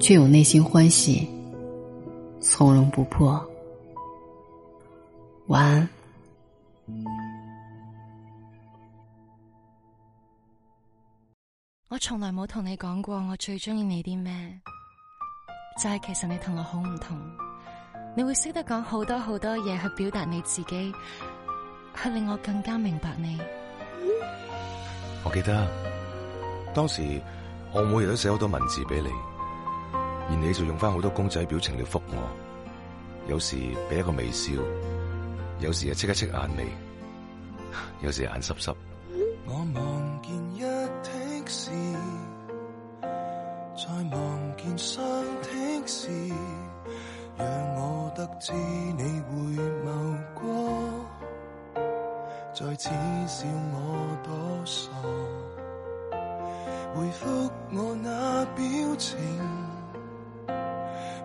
卻有內心歡喜，從容不迫。晚安。我從來冇同你講過我最中意你啲咩，就係其實你同我好唔同，你會識得講好多好多嘢去表達你自己，去令我更加明白你。我記得，當時我每日都寫好多文字俾你。而你就用翻好多公仔表情嚟覆我，有時俾一個微笑，有時又戚一戚眼眉，有時眼濕濕。 我望見一聽時，再望見上聽時，讓我得知你回眸過，再次笑我多傻，回覆我那表情。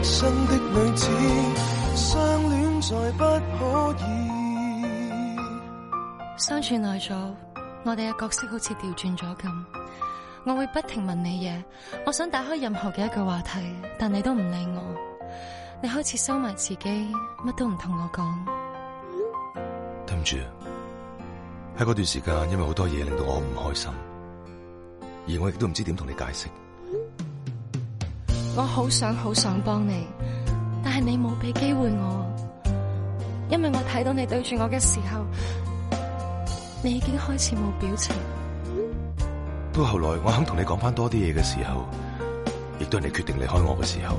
陌生的女子，相戀才不可以。相處耐咗，我哋嘅角色好似調轉咗咁。我會不停問你嘢，我想打開任何嘅一句話題，但你都唔理我。你開始收埋自己，乜都唔同我講。對唔住，喺嗰段時間，因為好多嘢令到我唔開心，而我亦都唔知點同你解釋。我好想好想幫你，但係你冇俾機會我，因為我睇到你對住我嘅時候，你已經開始冇表情。到後來我肯同你講翻多啲嘢嘅時候，亦都係你決定離開我嘅時候。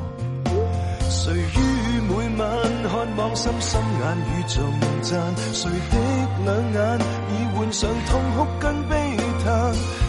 誰於每晚看望深深眼雨盡讚？誰的兩眼已換上痛哭跟悲嘆？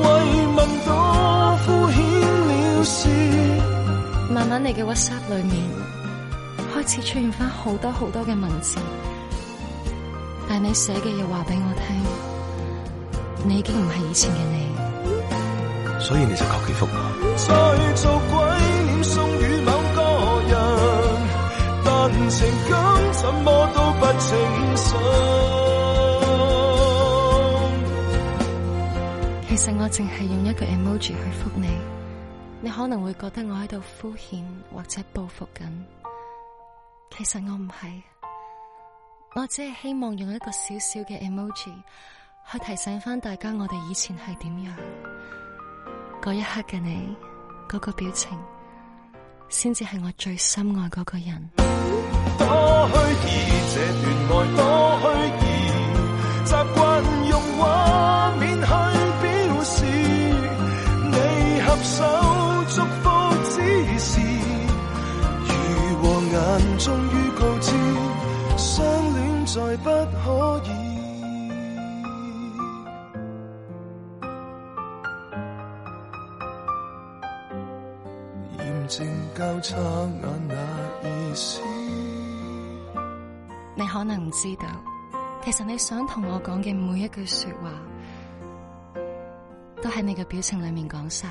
為問多敷衍了事慢慢，你嘅垃圾裏面開始出現翻好多好多嘅文字，但你寫嘅嘢話俾我聽，你已經唔係以前嘅你，所以你就求其覆我。其實我淨係用一個 emoji 去覆你，你可能會覺得我喺度敷衍或者報復緊。其實我唔係，我只係希望用一個小小嘅 emoji 去提醒翻大家我哋以前係點樣。嗰一刻嘅你，嗰、那個表情，先至係我最深愛嗰個人。多你可能唔知道，其實你想同我講嘅每一句說話，都喺你嘅表情裏面講晒。